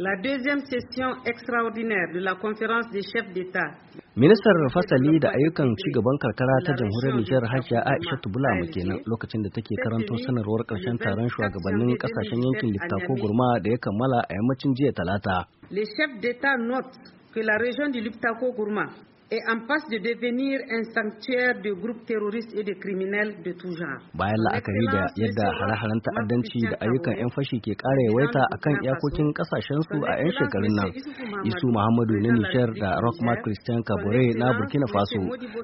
La deuxième session extraordinaire de la conférence des chefs d'État. Ministar fasali da ayyukan cigaban karkara ta jamhuriyar Nijar Hajiya Aisha Tubula kenan lokacin da take karanto sanarwar karshen taron shugabannin kasashen yankin ko Gurma da ya kammala a yammacin jiya Talata. Les chefs d'État note que la région du Liptako gurma et en passe de devenir un sanctuaire de groupes terroristes et de criminels de tout genre. Bayan la'akari da yadda hare-haren ta'addanci da ayyukan 'yan fashi ke ƙara yawaita a kan iyakokin su a 'yan shekarun nan, Isu Muhammadu na Nishar da Rockma Christian Kabore na Burkina Faso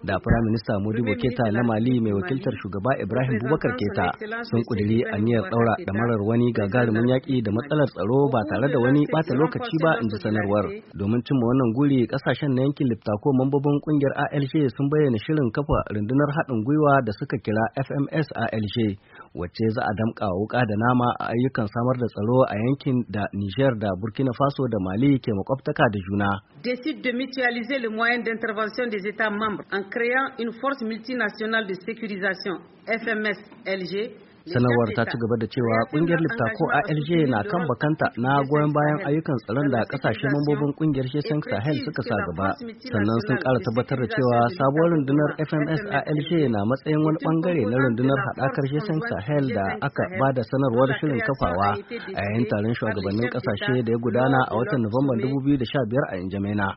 da prime minister Modibo Keta na Mali mai wakiltar shugaba Ibrahim Bubakar Keta sun ƙudiri a aniyar ɗaura marar wani gagarumin yaƙi da matsalar tsaro ba tare da wani ɓata lokaci ba in ji sanarwar. Domin cimma wannan guri ƙasashen na yankin Liptako mambobin kungiyar ALJ sun bayyana shirin kafa rundunar haɗin gwiwa da suka kira FMS ALJ wacce za a damƙa wuƙa da nama a ayyukan samar da tsaro a yankin da Niger da Burkina Faso da Mali ke makwabtaka da juna. Décide de mutualiser les moyens d'intervention des États membres en créant une force multinationale de sécurisation FMS LG sanarwar ta ci gaba da cewa kungiyar lifta ko arj na kan bakanta na goyon bayan ayyukan tsaron da kasashen mambobin kungiyar shesan sahel suka sa gaba sannan sun kara tabbatar da cewa sabuwar rundunar fms arj na matsayin wani bangare na rundunar haɗakar shesan sahel da aka ba da sanarwar shirin kafawa a yayin taron shugabannin kasashe da ya gudana a watan nuwamban 2015 a injamena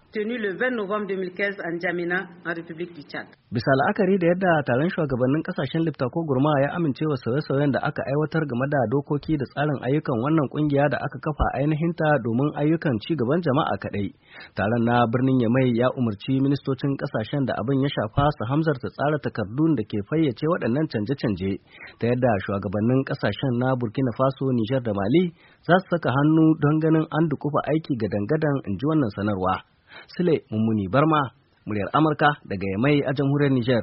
bisa la'akari da yadda taron shugabannin kasashen lifta ko gurma ya amincewa sauye-sauye tsare da aka aiwatar game da dokoki da tsarin ayyukan wannan ƙungiya da aka kafa ainihin ta domin ayyukan ci gaban jama'a kadai. Taron na birnin Yamai ya umarci ministocin kasashen da abin ya shafa su hamzarta tsara takardun da ke fayyace waɗannan canje-canje ta yadda shugabannin kasashen na Burkina Faso, Nijar da Mali za su saka hannu don ganin an dukufa aiki ga dangadan in ji wannan sanarwa. Sule Mummuni Barma, muryar Amurka daga Yamai a jamhuriyar Nijar.